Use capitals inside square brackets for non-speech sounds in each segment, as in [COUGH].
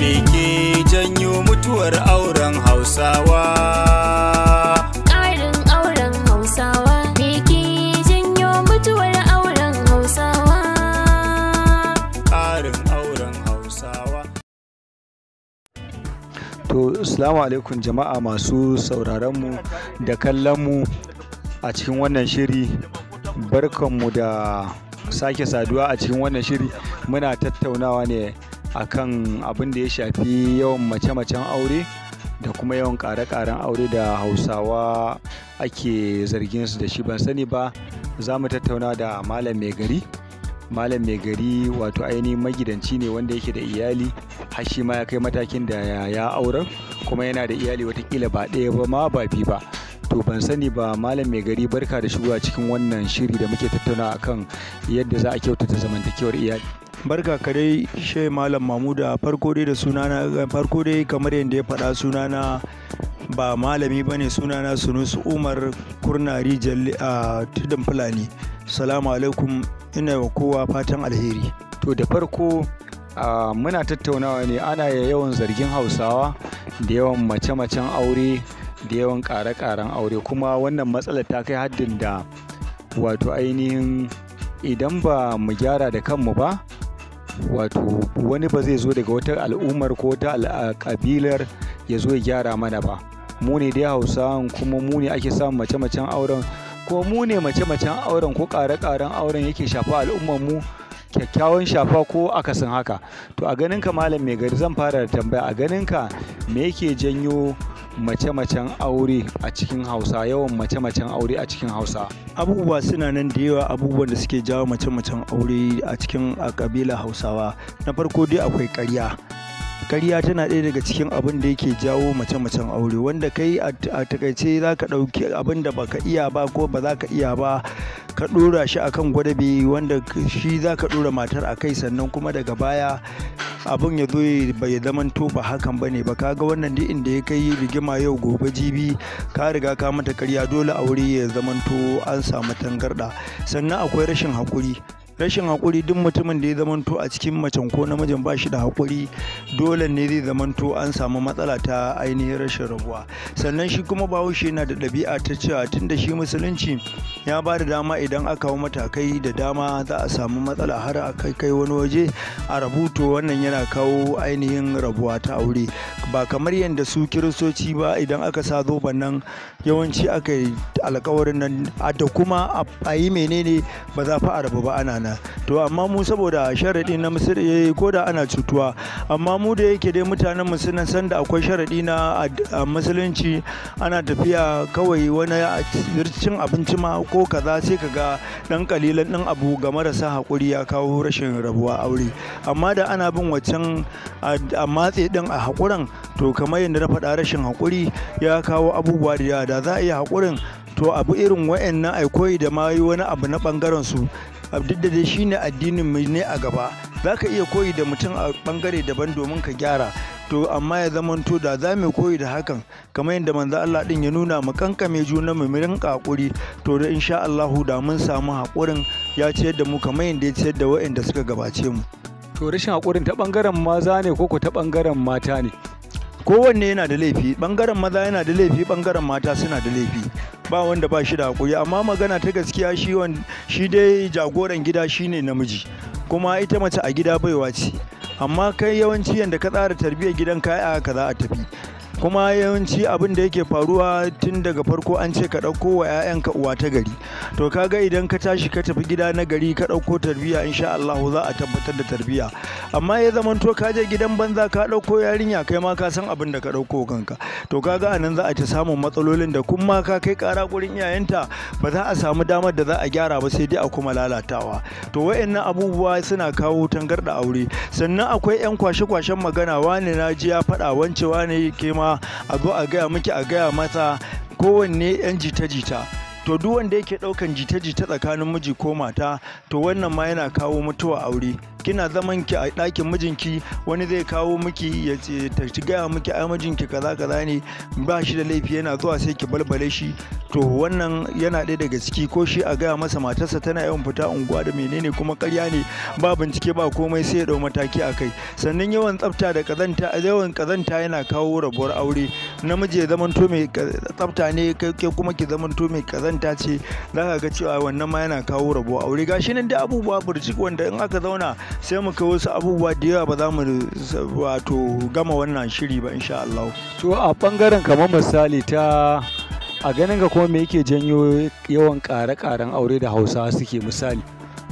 me ke janyo mutuwar auren hausawa ƙarin auren hausawa me ke janyo mutuwar auren hausawa ƙarin auren hausawa to assalamu alaikum jama'a masu sauraronmu da kallonmu a cikin wannan shiri barkanmu da sake saduwa a cikin wannan shiri muna tattaunawa ne akan abin da ya shafi yawan mace-macen aure da kuma yawan kare-karen aure da hausawa ake zargin su da shi ban sani ba za mu tattauna da malam mai gari malam mai gari wato ainihin magidanci ne wanda yake da iyali har shi ma ya kai matakin da ya auren kuma yana da iyali watakila ba ɗaya ba ma ba biyu ba to ban sani ba malam mai gari barka da shigowa cikin wannan shiri da muke tattauna akan yadda za a kyautata zamantakewar iyali barka ka dai shai malam mamuda farko dai da sunana farko dai kamar yadda ya faɗa sunana ba malami ba ne sunana sunusu umar kurnari a tudun fulani salamu alaikum ina wa kowa fatan alheri to da farko muna tattaunawa ne ana yawan zargin hausawa da yawan mace-macen aure da yawan ƙare-ƙaren aure kuma wannan matsalar ta kai haddin da wato ainihin idan ba mu gyara da kanmu ba wato wani ba zai zo daga wata al'ummar ko wata kabilar ya zo ya gyara mana ba mu ne dai Hausa kuma mu ne ake samun mace-macen auren ko mu ne mace-macen auren ko ƙare-ƙaren auren yake shafa al'ummar mu kyakkyawan shafa ko akasin haka to a ganin ka malam mai gari zan fara da tambaya a ganin ka me yake janyo mace-macen aure a cikin hausa yawan mace-macen aure a cikin hausa abubuwa suna nan da yawa abubuwan da suke jawo mace-macen aure a cikin a kabila hausawa na farko dai akwai karya karya tana ɗaya daga cikin abin da yake jawo mace-macen aure wanda kai a takaice za ka ɗauki abin da ba ka iya ba ko ba za ka iya ba ka ɗora shi akan gwadabe wanda shi za ka ɗora matar a kai sannan kuma daga baya abin ya zo bai zaman to ba hakan ba ne ba ka ga wannan duk inda ya kai rigima yau gobe jibi ka riga ka mata karya dole aure ya zaman to an samu tangarɗa sannan akwai rashin haƙuri rashin hakuri duk mutumin da ya zamanto a cikin macen ko namijin ba shi da hakuri dole ne zai zamanto an samu matsala ta ainihin rashin rabuwa sannan shi kuma bahaushe yana da ɗabi'a ta cewa tun da shi musulunci ya ba da dama idan aka hau matakai da dama za a samu matsala har a kai kai wani waje a rabuto wannan yana kawo ainihin rabuwa ta aure ba kamar yadda su kiristoci ba idan aka sa zoben nan yawanci aka yi alkawarin nan da kuma a yi menene ba za fa a rabu ba ana nan kenan to amma mu saboda sharaɗi na musulmi eh, ko da ana cutuwa amma mu da yake dai mutanen mu suna san da akwai sharaɗi na a musulunci ana tafiya kawai wani cin abinci ma ko kaza sai ka ga dan kalilan din abu ga marasa hakuri ya kawo rashin rabuwa aure amma da ana bin waccan a matse din a hakuran to kamar yadda na faɗa rashin hakuri ya kawo abubuwa da da za a iya hakurin to abu irin wa'annan ai da ma yi wani abu na bangaren su duk da dai shine addinin mu ne a gaba za ka iya koyi da mutum a bangare daban domin ka gyara to amma ya zama to da za mu koyi da hakan kamar yadda manzo Allah din ya nuna mu kankame juna mu rinka hakuri to da insha Allah da mun samu hakurin ya ciyar da mu kamar yadda ya ciyar da waɗanda suka gabace mu to rashin hakurin ta bangaren maza ne ko ta bangaren mata ne kowanne yana da laifi bangaren maza yana da laifi bangaren mata suna da laifi ba wanda ba shi da hakuri amma magana ta gaskiya shi shi dai jagoran gida shine namiji kuma ita mace a gida baiwa ce amma kai yawanci yadda ka tsara tarbiyyar gidan ka a haka za a tafi kuma yawanci abin da yake faruwa tun daga farko an ce ka ɗauko wa 'ya'yanka uwa ta gari to kaga idan ka tashi ka tafi gida na gari ka ɗauko tarbiyya insha Allah za a tabbatar da tarbiyya amma ya zaman to ka je gidan banza ka ɗauko yarinya kai ma ka san abin da ka ɗauko kanka to kaga a nan za a ta samun matsalolin da kuma ka kai ƙara gurin iyayenta ba za a samu damar da za a gyara ba sai dai a kuma lalatawa to wayannan abubuwa suna kawo tangarɗa aure sannan akwai 'yan kwashe-kwashen magana wani na ji ya faɗa wance ne ke ma a zo a gaya miki a gaya masa kowanne 'yan jita-jita to duk wanda yake ɗaukan jita-jita tsakanin miji ko mata to wannan ma yana kawo mutuwa aure kina zaman ki a ɗakin mijinki wani zai kawo miki ya ta gaya miki ai mijinki kaza kaza ne ba shi da laifi yana zuwa sai ki balbale shi to wannan yana ɗaya daga ciki ko shi a gaya masa matarsa tana yawan fita unguwa da menene kuma ƙarya ne ba bincike ba komai sai ya ɗau mataki a kai sannan yawan tsafta da kazanta yawan kazanta yana kawo rabuwar aure namiji ya to mai tsafta ne ke kuma ki to mai kazanta ce za ka ga cewa wannan ma yana kawo rabuwar aure gashi nan da abubuwa burjik wanda in aka zauna sai mu kai wasu abubuwa da yawa ba za mu wato gama wannan shiri ba insha Allah to a bangaren kamar misali ta a ganin ga kuma me yake janyo yawan kare-karen aure da hausa suke misali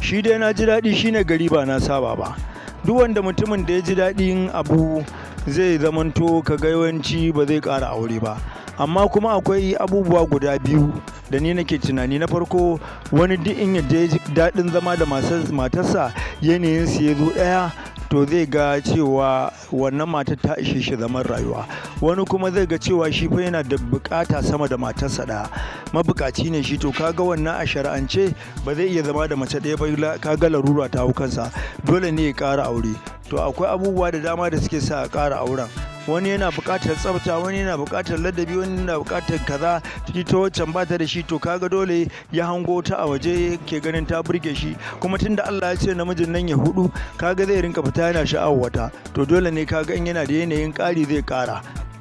shi dai na ji daɗi shine gari ba na saba ba duk wanda mutumin da ya ji daɗin abu zai zamanto ka ga yawanci ba zai ƙara aure ba amma kuma akwai abubuwa guda biyu da ni nake tunani na farko wani duk in ya ji daɗin zama da matarsa yanayin su ya zo ɗaya to zai ga cewa wannan matar ta ishe shi zaman rayuwa wani kuma zai ga cewa shi fa yana da bukata sama da matarsa ɗaya mabukaci ne shi to kaga wannan a shari'ance ba zai iya zama da mace ɗaya ba kaga larura ta hukansa dole ne ya kara aure to akwai abubuwa da dama da suke sa a ƙara auren wani yana buƙatar tsafta wani yana buƙatar ladabi wani yana buƙatar kaza ciki ta waccan ba da shi to kaga dole ya hango ta a waje ke ganin ta burge shi kuma tunda Allah ya ce namijin nan ya hudu kaga zai rinka fita yana sha'awata to dole ne kaga in yana da yanayin ƙari zai ƙara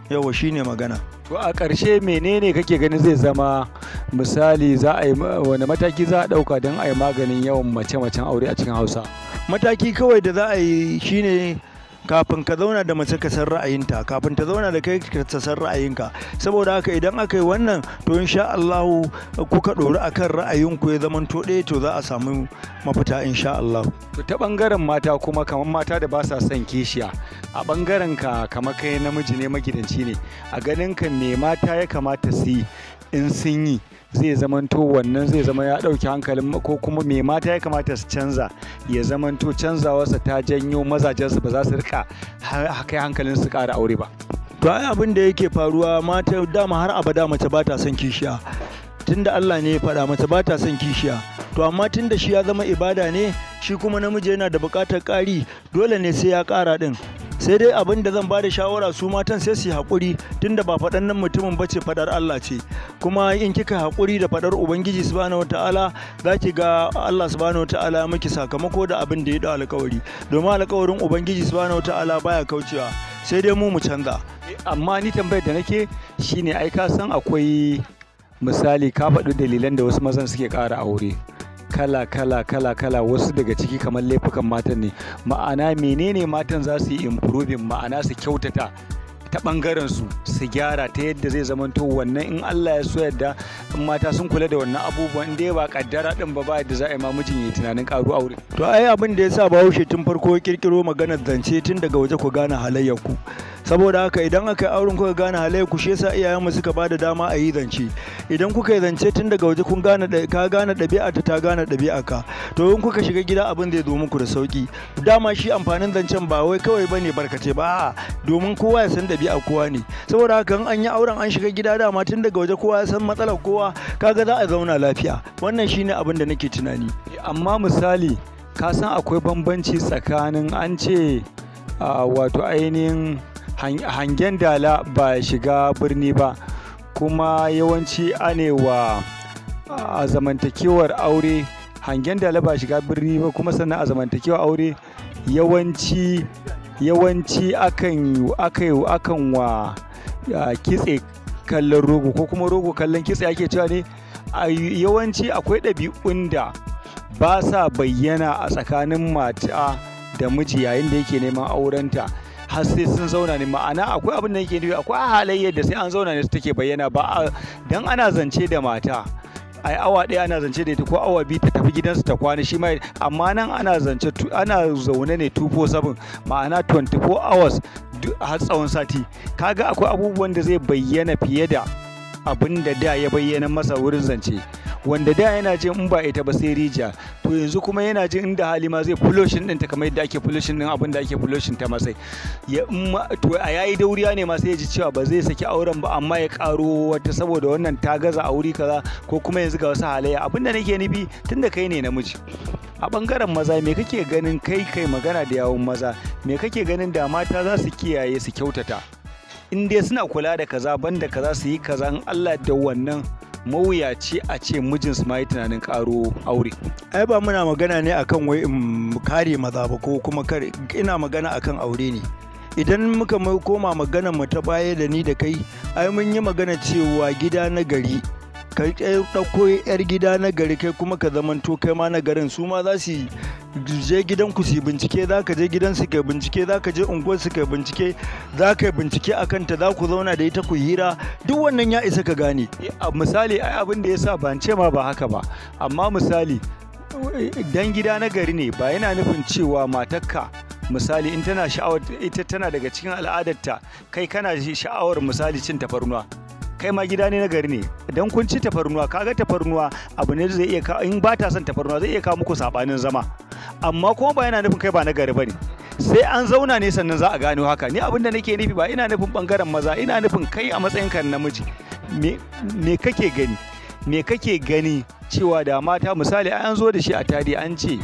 yawa shine magana to a ƙarshe menene kake ganin zai zama misali za a yi wani mataki za a ɗauka don a yi maganin yawan mace-macen aure a cikin hausa mataki kawai da za a yi shine kafin ka zauna da mace ka san ra'ayinta kafin ta zauna da kai ka san ra'ayinka saboda haka idan aka yi wannan to insha Allah kuka dori akan ra'ayinku ya zaman to ɗaya to za a samu mafita insha Allah to ta bangaren mata kuma kamar mata da ba sa son kishiya a bangaren ka kamar kai namiji ne magidanci ne a ganin ka ne mata ya kamata su yi in sun yi zai zamanto wannan zai zama ya dauki hankalin ko kuma mai mata ya kamata su canza ya zamanto canzawarsa ta janyo mazajensu ba za su rika kai hankalin su kara aure ba to ai abin da yake faruwa mata dama har abada mace ba ta son kishiya tunda Allah ne ya faɗa mace ba ta son kishiya to amma tunda shi ya zama ibada ne shi kuma namiji yana da buƙatar ƙari dole ne sai ya kara ɗin sai dai abin da zan ba da shawara su matan sai su haƙuri tunda ba faɗan nan mutumin ba ce faɗar Allah ce kuma in kika haƙuri da faɗar ubangiji subhanahu wataala za ki ga Allah subhanahu wataala miki sakamako da abin da ya dawo alƙawari domin alƙawarin ubangiji subhanahu wataala baya kaucewa sai dai mu mu canza amma ni tambayar da nake shine ai ka san akwai misali ka faɗi dalilan da wasu mazan suke ƙara aure kala kala kala kala wasu daga ciki kamar laifukan matan ne ma'ana menene matan za su yi improving ma'ana su kyautata ta bangaren su su gyara ta yadda zai zama zamanto wannan in Allah ya so yadda in mata sun kula da wannan abubuwan in dai ba kaddara din ba ba yadda za a yi ma mijin yayi tunanin karu aure to ai abin da sa Bahaushe tun farko kirkiro maganar zance tun daga waje ku gane halayyar ku saboda haka idan aka yi auren kuka gane halayya ku shi yasa mu suka ba da dama a yi zance idan kuka yi zance tun daga waje kun gane ka gane ɗabi'a ta ta gane ɗabi'a ka to in kuka shiga gida abin zai zo muku da sauki dama shi amfanin zancen ba wai kawai bane barkace ba domin kowa ya san ɗabi'a kowa ne saboda haka in an yi auren an shiga gida dama tun daga waje kowa ya san matsalar kowa kaga za a zauna lafiya wannan shine abin da nake tunani amma misali ka san akwai bambanci tsakanin an ce wato ainihin hangen dala ba shiga birni ba kuma yawanci anewa a zamantakewar aure hangen dala ba shiga birni ba kuma sannan a zamantakewar aure yawanci yawanci akan akan wa kitse kallon rogo ko kuma rogo kallon kitse ake cewa ne yawanci akwai ɗabi'un da ba sa bayyana a tsakanin mata da miji yayin da yake neman aurenta har sai sun zauna ne ma'ana akwai abin da yake nufi akwai halayyar da sai an zauna ne su take bayyana ba dan ana zance da mata ai awa ɗaya ana zance da ita ko awa biyu ta tafi gidansu ta kwana shi ma amma nan ana zance ana zaune ne 247 ma'ana 24 hours har tsawon sati kaga akwai abubuwan da zai bayyana fiye da abin da da ya bayyana masa wurin zance wanda da yana jin in ba ita ba sai rija to yanzu kuma yana jin inda hali ma zai fuloshin din ta kamar yadda ake fuloshin din abin da ake fuloshin ta masai ya to a yayi dauriya ne ma sai ya ji cewa ba zai saki auren ba amma ya karo wata saboda wannan ta gaza a wuri kaza ko kuma yanzu ga wasu halayya abin da nake nufi tunda kai ne namiji a bangaren maza me kake ganin kai kai magana da yawun maza me kake ganin da mata za su kiyaye su kyautata in dai suna kula da kaza banda kaza su yi kaza in Allah da wannan mawuyaci a ce mijinsu ma yi tunanin karo aure ai ba muna magana ne akan wai in kare maza ba ko kuma kare ina magana akan aure ne idan muka koma magana mu ta baya da ni da kai ai mun yi magana cewa gida na gari ka ɗauko yar gida na gari kai kuma ka to kai ma na garin su ma za su je gidan ku su bincike za ka je gidan su kai bincike za ka je unguwar su kai bincike za ka bincike a kanta za ku zauna da ita ku hira duk wannan ya isa ka gane misali ai abin da ya sa ban ce ma ba haka ba amma misali dan gida na gari ne ba yana nufin cewa matarka misali in tana sha'awar ita tana daga cikin al'adarta kai kana sha'awar misali cin tafarnuwa kai ma gida ne na gari ne idan kun ci tafarnuwa kaga tafarnuwa abu ne zai iya in ba ta son tafarnuwa zai iya kawo muku saɓanin zama amma kuma ba yana nufin kai ba na gari bane sai an zauna ne sannan za a gano haka ni abin da nake nufi ba ina nufin bangaren maza ina nufin kai a matsayin ka namiji me kake gani me kake gani cewa da mata misali an zo da shi a tadi an ce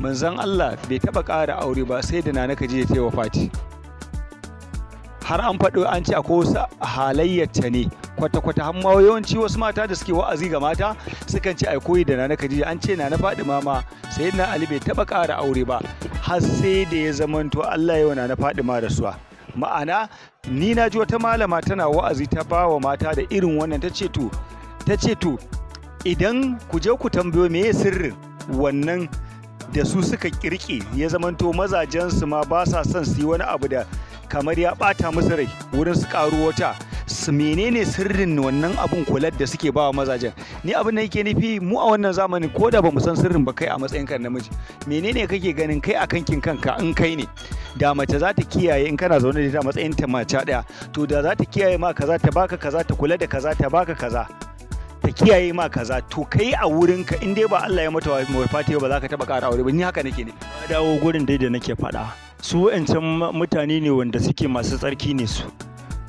manzon Allah bai taba ƙara aure ba sai da nana je ta yi wa fati har an faɗo an ce akwai wasu halayyarta ne kwata-kwata har ma yawanci wasu mata da suke wa'azi ga mata sukan ce ai koyi da nana Khadija an ce nana mama ma na Ali bai taba ƙara aure ba har sai da ya zamanto Allah ya na nana da rasuwa ma'ana ni na ji wata malama tana wa'azi ta ba wa mata da irin wannan ta ce to ta ce to idan ku je ku tambayo me sirrin wannan da su suka kirki ya zamanto mazajensu ma ba sa son su yi wani abu da kamar ya ɓata musu rai wurin su ƙaru wata su menene sirrin wannan abun kular da suke bawa mazajen ni abin da yake nufi mu a wannan zamani ko da bamu san sirrin ba kai a matsayin kan namiji menene kake ganin kai a kankin kanka in kai ne da mace za ta kiyaye in kana zaune da ita matsayin ta mace daya to da za ta kiyaye ma kaza ta baka kaza ta kula da kaza ta baka kaza ta kiyaye ma kaza to kai a wurin ka in dai ba Allah ya mata wafati ba za ka taba ƙara aure ba ni haka nake ne dawo gurin dai da nake faɗa su wa'ancan mutane ne wanda suke masu tsarki ne su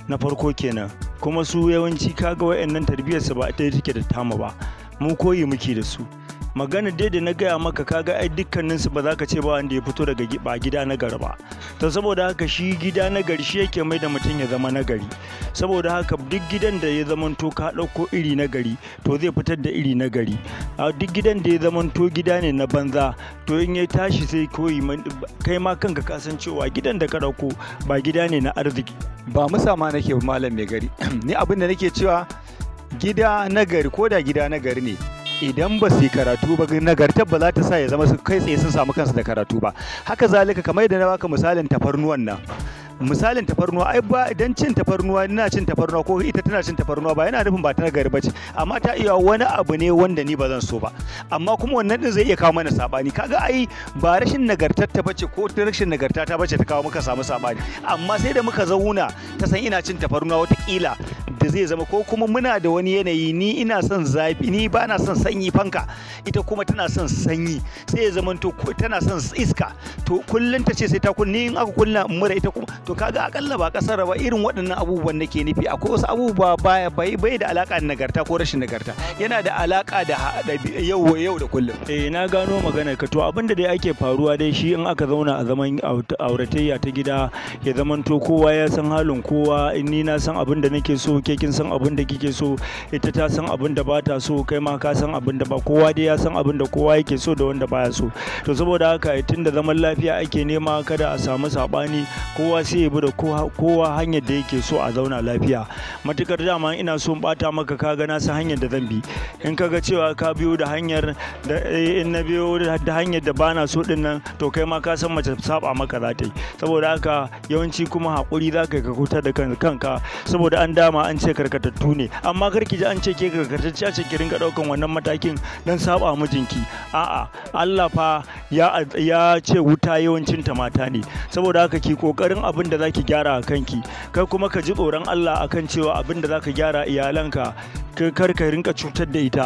na farko kenan kuma su yawanci kaga wa'annan tarbiyyarsu ba ta take da tama ba mu koyi muke da su magana dai da na gaya maka kaga ai dukkaninsu ba za ka ce ba wanda ya fito daga ba gida na gari ba to saboda haka shi gida na gari shi yake mai da mutum ya zama na gari saboda haka duk gidan da ya to ka ɗauko iri na gari to zai fitar da iri na gari a duk gidan da ya to gida ne na banza to in ya tashi sai koyi kai ma kanka ka san cewa gidan da ka dauko ba gida ne na arziki ba musama nake malam mai gari [CLEARS THROAT] ni abin da nake cewa gida nagari ko da gida nagari ne idan ba su yi karatu ba nagartar ba za ta sa ya zama kai tsaye sun samu kansu da karatu ba haka zalika kamar da na baka misalin tafarnuwan nan misalin tafarnuwa ai ba idan cin tafarnuwa ina cin tafarnuwa ko ita tana cin tafarnuwa ba yana nufin ba ta nagari ba ce amma ta iya wani abu ne wanda ni ba zan so ba amma kuma wannan din zai iya kawo mana sabani kaga ai ba rashin nagartatta ba ce ko rashin nagarta ta bace ta kawo muka samu sabani amma sai da muka zauna ta san ina cin tafarnuwa watakila da zai zama ko kuma muna da wani yanayi ni ina son zafi ni ba na son sanyi fanka ita kuma tana son sanyi sai ya zama to tana son iska to kullun ta ce sai ta kunni in aka kunna mura ita kuma to to kaga akalla ba kasar ba irin waɗannan abubuwan nake nufi akwai wasu abubuwa baya bai bai da alaka da nagarta ko rashin nagarta yana da alaka da yau yau da kullum eh na gano magana ka to abin da dai ake faruwa dai shi in aka zauna a zaman auratayya ta gida ya zamanto kowa ya san halin kowa in ni na san abin da nake so ke kin san abin da kike so ita ta san abin da ba ta so kai ma ka san abin da ba kowa dai ya san abin da kowa yake so da wanda baya so to saboda haka tun da zaman lafiya ake nema kada a samu sabani kowa sai ya bi da kowa hanyar da yake so a zauna lafiya matukar dama ina so in bata maka ka ga su hanyar da zan bi in ka ga cewa ka biyo da hanyar da eh, in na biyo da hanyar da bana so din nan to kai ma ka san mace saba maka za ta yi saboda haka yawanci kuma hakuri za ka ka kuta da kanka saboda an dama an ce karkatattu ne amma karki ji an ce ke karkatacce a ce ki rinka daukan wannan matakin dan saba mijinki a'a Allah fa ya ce wuta yawancin ta mata ne saboda haka ki kokarin abu. abin da zaki gyara a kanki kai kuma ka ji tsoron Allah akan cewa abin da zaka gyara iyalanka kar ka rinka cutar da ita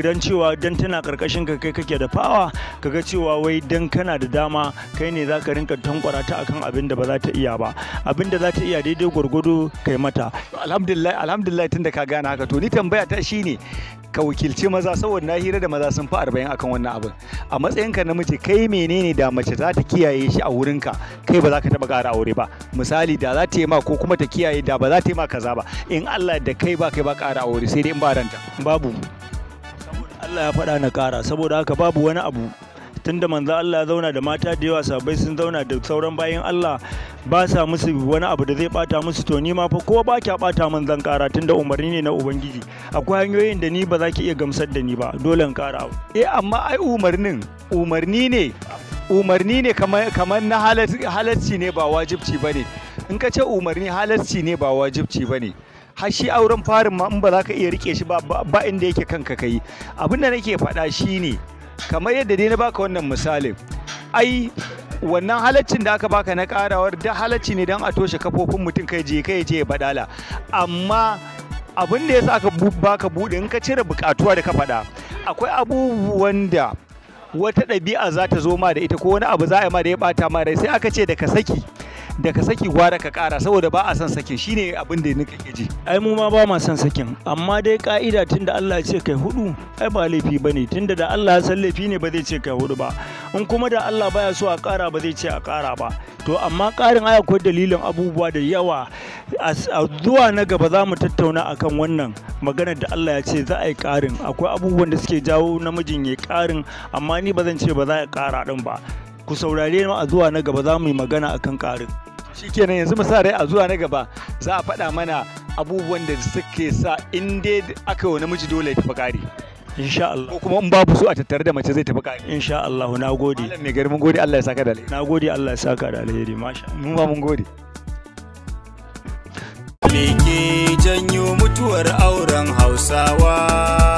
dan cewa dan tana karkashin ka kai kake da fawa kaga cewa wai dan kana da dama kai ne za ka rinka tankwara ta akan abin da ba za ta iya ba abin da za ta iya daidai gurgudu kai mata alhamdulillah alhamdulillah tunda ka gane haka to ni tambaya ta shine ka wakilci maza saboda na hira da maza sun fi arba'in akan wannan abin a matsayinka mace kai menene da mace za ta kiyaye shi a ka kai ba za ka taba ƙara aure ba misali da za ta yi ma ko kuma ta kiyaye da ba za ta yi ma kaza ba in Allah da kai ba kai ba ƙara aure sai sai dai in ba ranta babu Allah ya faɗa na ƙara saboda haka babu wani abu tunda manzo Allah ya zauna da mata da yawa sabai sun zauna da sauran bayan Allah ba sa musu wani abu da zai bata musu to ni ma fa ko ba kya bata min zan ƙara tunda umarni ne na ubangiji akwai hanyoyin da ni ba za ki iya gamsar da ni ba dole in ƙara eh amma ai umarnin umarni ne umarni ne kamar na halarci ne ba wajibci bane in ka ce umarni halarci ne ba wajibci bane har shi auren farin ma in ba za ka iya rike shi ba ba inda yake kanka kai abin da nake faɗa shi ne kamar yadda dai na baka wannan misalin ai wannan halaccin da aka baka na karawar da halacci ne don a toshe kafofin mutum kai je kai je badala amma abin da yasa aka baka bude in ka cire bukatuwa da ka faɗa akwai abubuwan da wata ɗabi'a za ta zo ma da ita ko wani abu za a yi ma da ya bata ma rai sai aka ce da ka saki da ka saki gwara ka kara saboda ba a son sakin shine abin da nika ke ji ai mu ma ba ma son sakin amma dai ka'ida tunda Allah ya ce kai hudu ai ba laifi bane tunda da Allah ya san laifi ne ba zai ce kai hudu ba in kuma da Allah baya so a kara ba zai ce a kara ba to amma karin aya akwai dalilin abubuwa da yawa a zuwa na gaba za mu tattauna akan wannan maganar da Allah ya ce za a yi karin akwai abubuwan da suke jawo namijin ya karin amma ni ba zan ce ba za a kara din ba ku saurare mu a zuwa na gaba za mu yi magana akan karin shikenan yanzu mu rai a zuwa na gaba za a faɗa mana abubuwan da suke sa in dai aka yi namiji dole ya tafi kari insha Allah ko kuma in babu su a tattare da mace zai tafi kari insha Allah na gode Allah mai garmin gode Allah ya saka da alheri na gode Allah ya saka da alheri masha mun ba mun gode me ke janyo mutuwar auren Hausawa